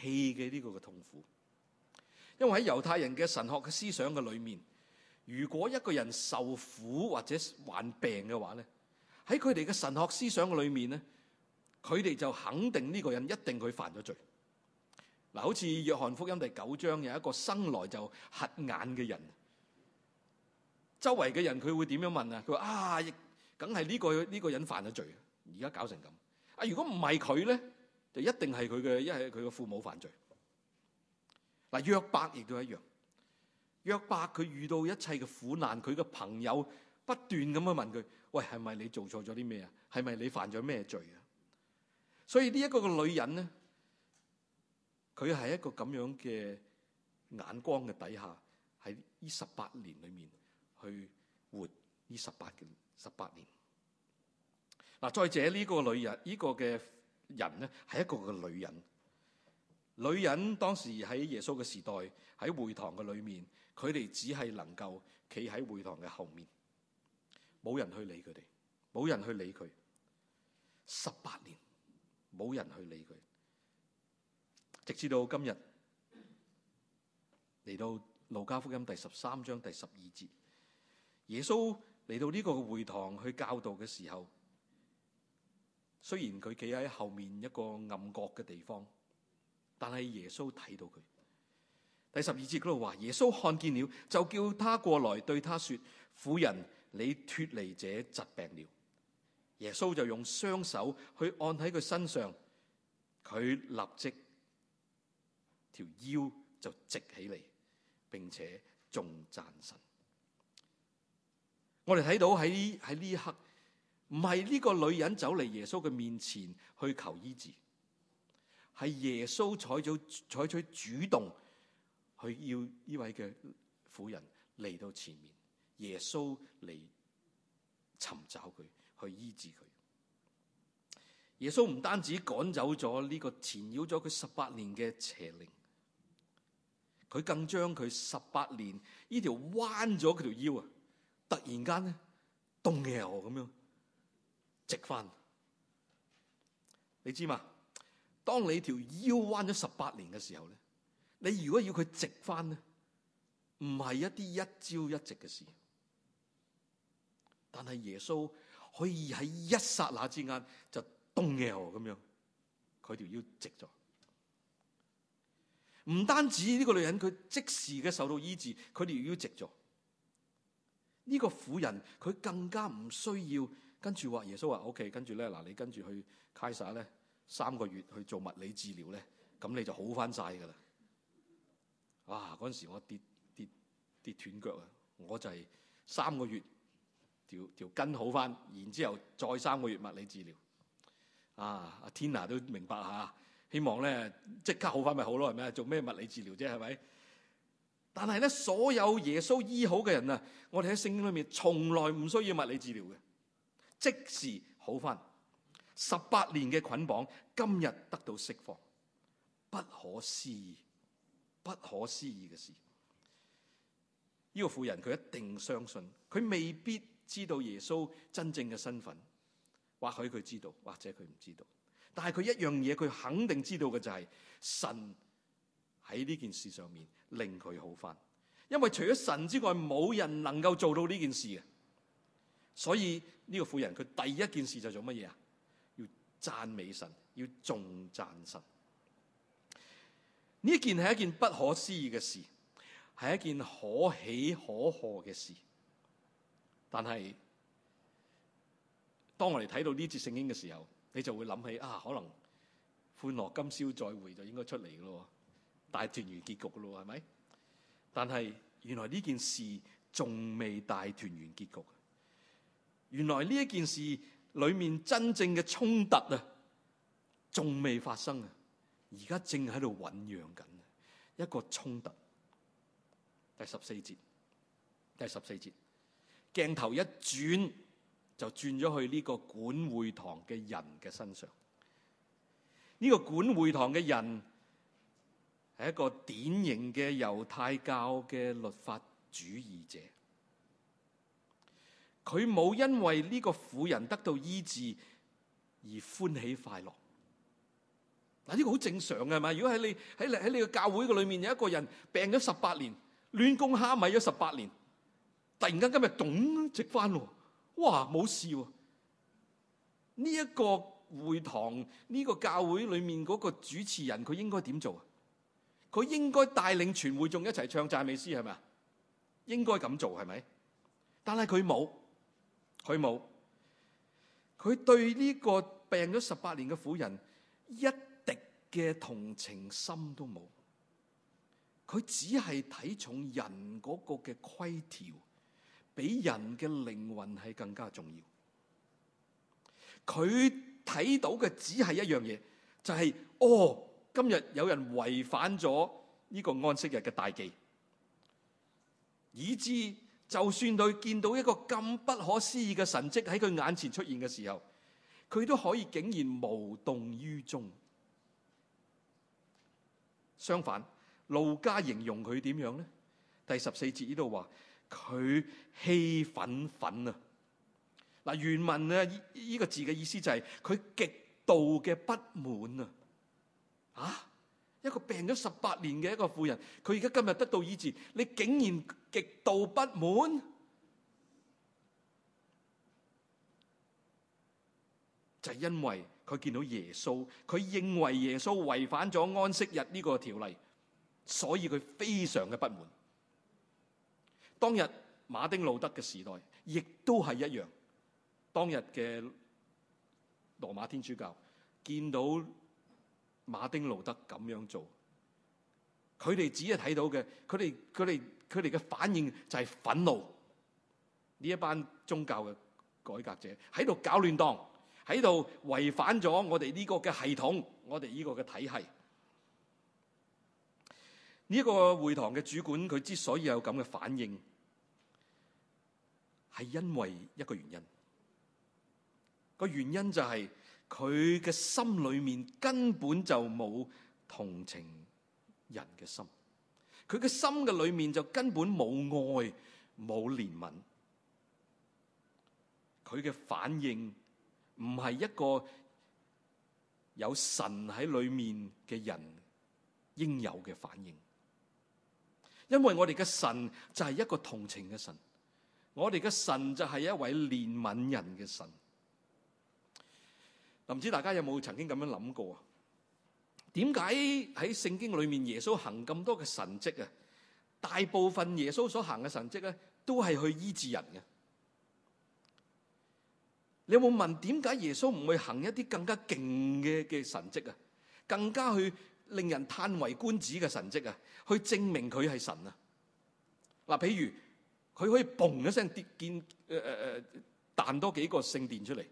棄嘅呢個嘅痛苦。因為喺猶太人嘅神學嘅思想嘅裏面，如果一個人受苦或者患病嘅話呢，喺佢哋嘅神學思想嘅裏面呢，佢哋就肯定呢個人一定佢犯咗罪。嗱，好似《約翰福音》第九章有一個生來就瞎眼嘅人，周圍嘅人佢會點樣問啊？佢話：啊，梗係呢個呢、這個人犯咗罪，而家搞成咁。啊，如果唔係佢咧，就一定係佢嘅一係佢嘅父母犯罪。嗱、啊，約伯亦都一樣，約伯佢遇到一切嘅苦難，佢嘅朋友不斷咁去問佢：喂，係咪你做錯咗啲咩啊？係咪你犯咗咩罪啊？所以呢一個嘅女人咧。佢喺一個咁樣嘅眼光嘅底下，喺呢十八年裏面去活呢十八年，十八年。嗱，再者呢個女人，呢個嘅人呢，係一個嘅女人。女人當時喺耶穌嘅時代喺會堂嘅裏面，佢哋只係能夠企喺會堂嘅後面，冇人去理佢哋，冇人去理佢。十八年，冇人去理佢。直到今日嚟到路加福音第十三章第十二節，耶穌嚟到呢個會堂去教導嘅時候，雖然佢企喺後面一個暗角嘅地方，但係耶穌睇到佢。第十二節嗰度話：耶穌看見了，就叫他過來，對他說：婦人，你脱離這疾病了。耶穌就用雙手去按喺佢身上，佢立即，條腰就直起嚟，並且仲讚神。我哋睇到喺喺呢一刻，唔係呢個女人走嚟耶穌嘅面前去求醫治，係耶穌採取採取主動去要呢位嘅婦人嚟到前面，耶穌嚟尋找佢，去醫治佢。耶穌唔單止趕走咗呢、這個纏繞咗佢十八年嘅邪靈。佢更將佢十八年呢條彎咗佢條腰啊！突然間咧，動搖咁樣，直返。你知嘛？當你條腰彎咗十八年嘅時候咧，你如果要佢直返咧，唔係一啲一朝一夕嘅事。但係耶穌可以喺一剎那之間就動搖咁樣，佢條腰直咗。唔單止呢個女人佢即時嘅受到醫治，佢哋要直做呢，這個婦人，佢更加唔需要跟住話耶穌話 OK，跟住咧嗱，你跟住去 Kaiser 咧三個月去做物理治療咧，咁你就好翻晒噶啦。哇，啊！嗰陣時我跌跌跌斷腳啊，我就係三個月條條筋好翻，然之後再三個月物理治療。啊，阿 Tina 都明白吓。希望咧即刻好返咪好咯，係咪？做咩物理治療啫，係咪？但係咧，所有耶穌醫好嘅人啊，我哋喺聖經裏面從來唔需要物理治療嘅，即時好返。十八年嘅捆綁，今日得到釋放，不可思議，不可思議嘅事。呢、這個婦人佢一定相信，佢未必知道耶穌真正嘅身份，或許佢知道，或者佢唔知道。但係佢一樣嘢，佢肯定知道嘅就係、是、神喺呢件事上面令佢好返。因為除咗神之外冇人能夠做到呢件事嘅。所以呢、這個婦人佢第一件事就做乜嘢啊？要讚美神，要重讚神。呢件係一件不可思議嘅事，係一件可喜可賀嘅事。但係當我哋睇到呢節聖經嘅時候，你就會諗起啊，可能歡樂今宵再會就應該出嚟嘅咯，大團圓結局嘅咯，係咪？但係原來呢件事仲未大團圓結局。原來呢一件事裡面真正嘅衝突啊，仲未發生啊，而家正喺度醞釀緊一個衝突。第十四節，第十四節，鏡頭一轉。就轉咗去呢個管會堂嘅人嘅身上。呢個管會堂嘅人係一個典型嘅猶太教嘅律法主義者。佢冇因為呢個婦人得到醫治而歡喜快樂。嗱，呢個好正常嘅係咪？如果喺你喺你喺你個教會嘅裏面有一個人病咗十八年，亂公蝦米咗十八年，突然間今日懂直翻喎。哇，冇事喎！呢一個會堂，呢個教會裏面嗰個主持人，佢應該點做啊？佢應該帶領全會眾一齊唱讚美詩係咪啊？應該咁做係咪？但係佢冇，佢冇，佢對呢個病咗十八年嘅婦人一滴嘅同情心都冇，佢只係睇重人嗰個嘅規條。比人嘅靈魂係更加重要。佢睇到嘅只係一樣嘢，就係、是、哦，今日有人違反咗呢個安息日嘅大忌，以致就算佢見到一個咁不可思議嘅神蹟喺佢眼前出現嘅時候，佢都可以竟然無動於衷。相反，路加形容佢點樣咧？第十四節呢度話。佢氣憤憤啊！嗱，原文咧、啊、呢、呢個字嘅意思就係、是、佢極度嘅不滿啊！啊，一個病咗十八年嘅一個婦人，佢而家今日得到醫治，你竟然極度不滿，就係、是、因為佢見到耶穌，佢認為耶穌違反咗安息日呢個條例，所以佢非常嘅不滿。當日馬丁路德嘅時代，亦都係一樣。當日嘅羅馬天主教見到馬丁路德咁樣做，佢哋只係睇到嘅，佢哋佢哋佢哋嘅反應就係憤怒。呢一班宗教嘅改革者喺度搞亂檔，喺度違反咗我哋呢個嘅系統，我哋呢個嘅體系。呢一個會堂嘅主管，佢之所以有咁嘅反應。係因為一個原因，個原因就係佢嘅心裏面根本就冇同情人嘅心，佢嘅心嘅裏面就根本冇愛冇憐憫，佢嘅反應唔係一個有神喺裏面嘅人應有嘅反應，因為我哋嘅神就係一個同情嘅神。我哋嘅神就係一位憐憫人嘅神。嗱，唔知大家有冇曾經咁樣諗過啊？點解喺聖經裏面耶穌行咁多嘅神蹟啊？大部分耶穌所行嘅神蹟咧，都係去醫治人嘅。你有冇問，點解耶穌唔會行一啲更加勁嘅嘅神蹟啊？更加去令人嘆為觀止嘅神蹟啊？去證明佢係神啊？嗱，譬如。佢可以嘣一聲跌見誒誒誒彈多幾個聖殿出嚟，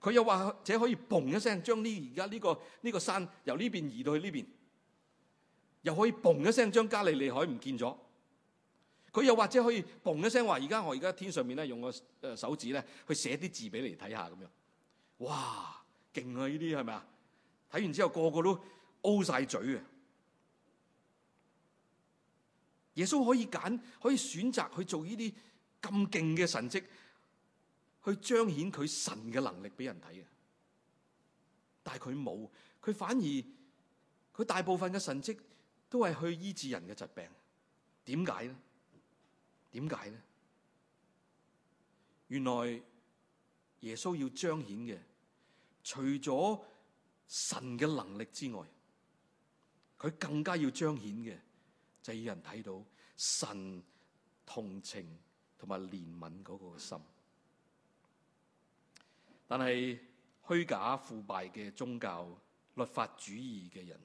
佢又或者可以嘣一聲將呢而家呢個呢個山由呢邊移到去呢邊，又可以嘣一聲將加利利海唔見咗，佢又或者可以嘣一聲話：而家我而家天上面咧用個誒手指咧去寫啲字俾你睇下咁樣。哇！勁啊！呢啲係咪啊？睇完之後個個都 O 晒嘴啊！耶穌可以揀，可以選擇去做呢啲咁勁嘅神蹟，去彰顯佢神嘅能力俾人睇嘅。但係佢冇，佢反而佢大部分嘅神蹟都係去醫治人嘅疾病。點解咧？點解咧？原來耶穌要彰顯嘅，除咗神嘅能力之外，佢更加要彰顯嘅。就要人睇到神同情同埋憐憫嗰個心，但係虛假腐敗嘅宗教律法主義嘅人，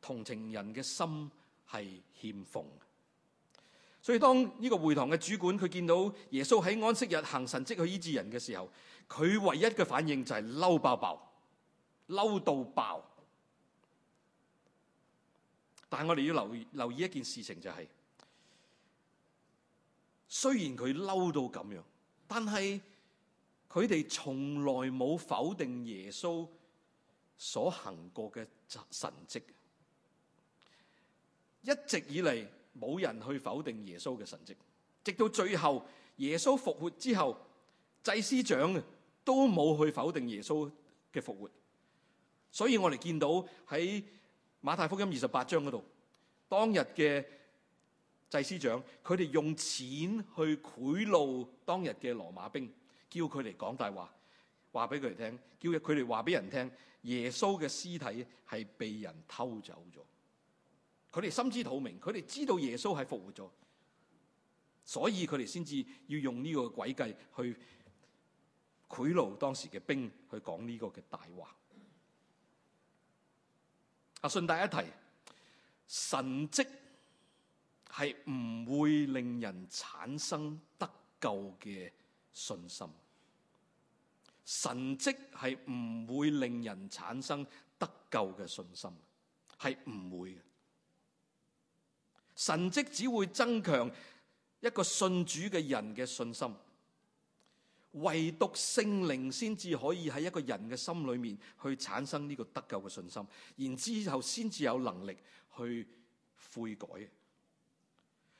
同情人嘅心係欠奉。所以當呢個會堂嘅主管佢見到耶穌喺安息日行神跡去醫治人嘅時候，佢唯一嘅反應就係嬲爆爆，嬲到爆。但我哋要留意留意一件事情，就是，就係雖然佢嬲到咁樣，但係佢哋從來冇否定耶穌所行過嘅神蹟，一直以嚟冇人去否定耶穌嘅神蹟，直到最後耶穌復活之後，祭司長都冇去否定耶穌嘅復活，所以我哋見到喺馬太福音二十八章嗰度，當日嘅祭司長，佢哋用錢去賄賂當日嘅羅馬兵，叫佢哋講大話，話俾佢哋聽，叫佢哋話俾人聽，耶穌嘅屍體係被人偷走咗。佢哋心知肚明，佢哋知道耶穌係復活咗，所以佢哋先至要用呢個詭計去賄賂當時嘅兵去講呢個嘅大話。嗱，順帶一提，神蹟係唔會令人產生得救嘅信心。神蹟係唔會令人產生得救嘅信心，係唔會嘅。神蹟只會增強一個信主嘅人嘅信心。唯獨聖靈先至可以喺一個人嘅心裏面去產生呢個得救嘅信心，然之後先至有能力去悔改。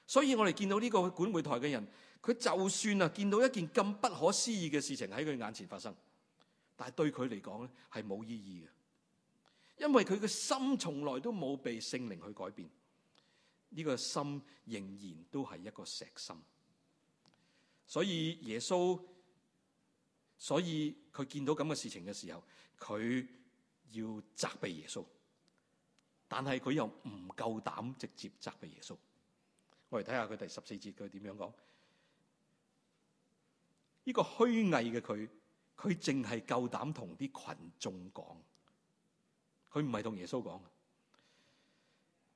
所以我哋見到呢個管會堂嘅人，佢就算啊見到一件咁不可思議嘅事情喺佢眼前發生，但係對佢嚟講咧，係冇意義嘅，因為佢嘅心從來都冇被聖靈去改變，呢個心仍然都係一個石心。所以耶穌。所以佢見到咁嘅事情嘅時候，佢要責備耶穌，但係佢又唔夠膽直接責備耶穌。我哋睇下佢第十四節佢點樣講呢？這個虛偽嘅佢，佢淨係夠膽同啲群眾講，佢唔係同耶穌講。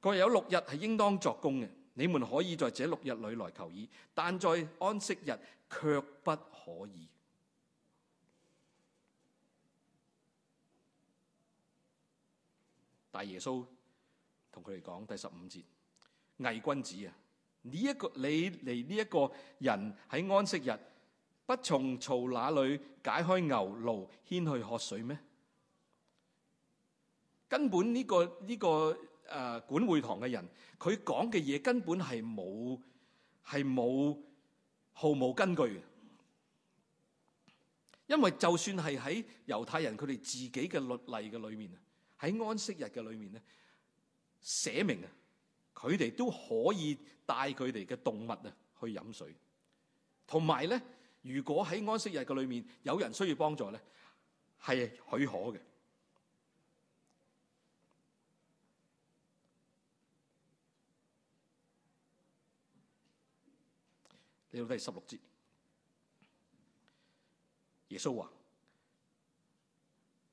佢有六日係應當作工嘅，你們可以在這六日裏來求醫，但在安息日卻不可以。大耶穌同佢哋講第十五節，偽君子啊！呢、這、一個你嚟呢一個人喺安息日不從槽那裏解開牛驢牽去喝水咩？根本呢、這個呢、這個誒、呃、管會堂嘅人，佢講嘅嘢根本係冇係冇毫無根據嘅，因為就算係喺猶太人佢哋自己嘅律例嘅裏面喺安息日嘅裏面咧，寫明啊，佢哋都可以帶佢哋嘅動物啊去飲水，同埋咧，如果喺安息日嘅裏面有人需要幫助咧，係許可嘅。你睇十六節，耶穌話，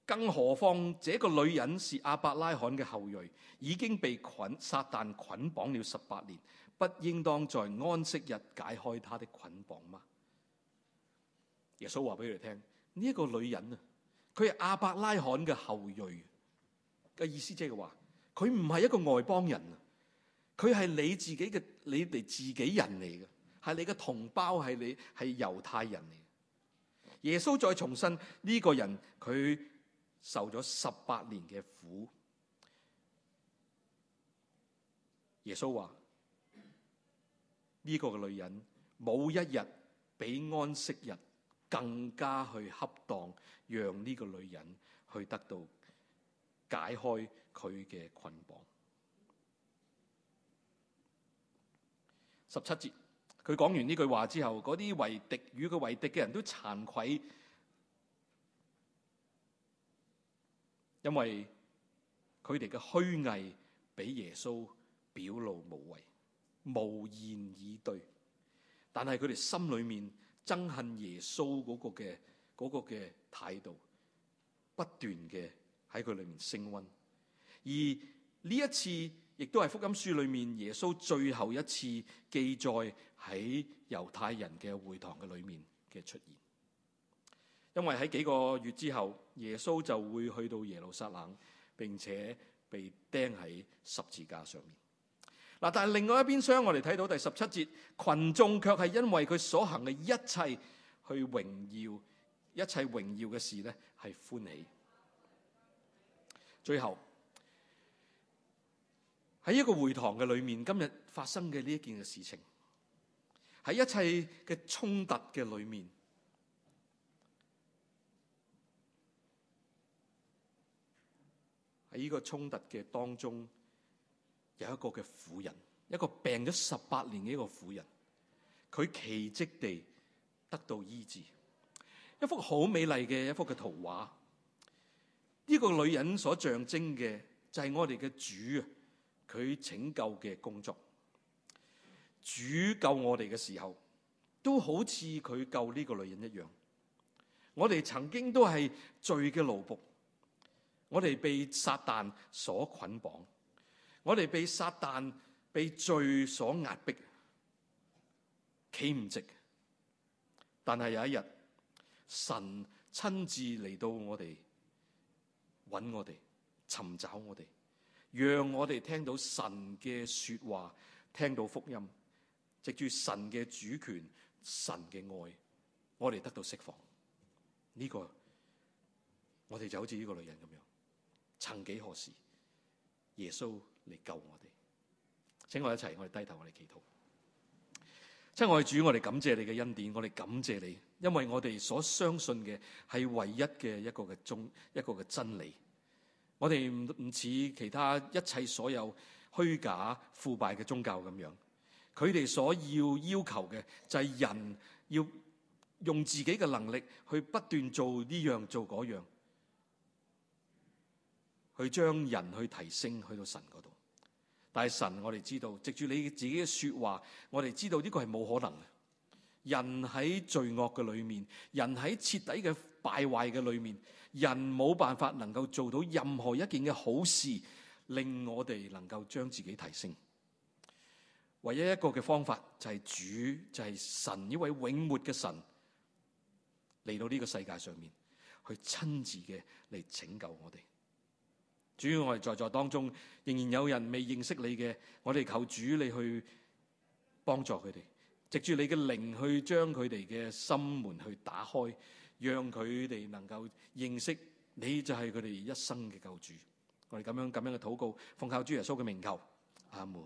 更何況這個女人是阿伯拉罕嘅後裔，已經被捆撒但捆綁了十八年，不應當在安息日解開她的捆綁嗎？耶穌話俾佢哋聽：呢、這、一個女人啊，佢係阿伯拉罕嘅後裔嘅意思、就是，即係話佢唔係一個外邦人啊，佢係你自己嘅，你哋自己人嚟嘅，係你嘅同胞，係你係猶太人嚟嘅。耶穌再重申呢、這個人佢。她受咗十八年嘅苦，耶穌話：呢、呢個女人，冇一日比安息日更加去恰當，讓呢個女人去得到解開佢嘅捆綁。十七節，佢講完呢句話之後，嗰啲為敵與佢為敵嘅人都慚愧。因為佢哋嘅虛偽俾耶穌表露無遺，無言以對。但係佢哋心裏面憎恨耶穌嗰個嘅、嗰個嘅態度，不斷嘅喺佢裏面升溫。而呢一次亦都係福音書裏面耶穌最後一次記載喺猶太人嘅會堂嘅裏面嘅出現。因為喺幾個月之後，耶穌就會去到耶路撒冷，並且被釘喺十字架上面。嗱，但係另外一邊廂，我哋睇到第十七節，群眾卻係因為佢所行嘅一切，去榮耀一切榮耀嘅事呢，係歡喜。最後喺一個會堂嘅裏面，今日發生嘅呢一件嘅事情，喺一切嘅衝突嘅裏面。喺呢個衝突嘅當中，有一個嘅婦人，一個病咗十八年嘅一個婦人，佢奇蹟地得到醫治。一幅好美麗嘅一幅嘅圖畫，呢、這個女人所象徵嘅就係我哋嘅主啊，佢拯救嘅工作。主救我哋嘅時候，都好似佢救呢個女人一樣。我哋曾經都係罪嘅奴僕。我哋被撒旦所捆綁，我哋被撒旦被罪所壓迫，企唔直。但係有一日，神親自嚟到我哋，揾我哋，尋找我哋，讓我哋聽到神嘅說話，聽到福音，藉住神嘅主權、神嘅愛，我哋得到釋放。呢個，我哋就好似呢個女人咁樣。曾幾何時，耶穌嚟，救我哋，請我一齊，我哋低頭我，我哋祈禱。親愛的主，我哋感謝你嘅恩典，我哋感謝你，因為我哋所相信嘅係唯一嘅一個嘅宗，一個嘅真理。我哋唔唔似其他一切所有虛假腐敗嘅宗教咁樣，佢哋所要要求嘅就係人要用自己嘅能力去不斷做呢樣做嗰樣。做去將人去提升去到神嗰度，但係神，我哋知道藉住你自己嘅說話，我哋知道呢個係冇可能。人喺罪惡嘅裏面，人喺徹底嘅敗壞嘅裏面，人冇辦法能夠做到任何一件嘅好事，令我哋能夠將自己提升。唯一一個嘅方法就係主就係神，呢位永活嘅神嚟到呢個世界上面，去親自嘅嚟拯救我哋。主要我哋在座當中，仍然有人未認識你嘅，我哋求主你去幫助佢哋，藉住你嘅靈去將佢哋嘅心門去打開，讓佢哋能夠認識你就係佢哋一生嘅救主。我哋咁樣咁樣嘅禱告，奉靠主耶穌嘅名求，阿門。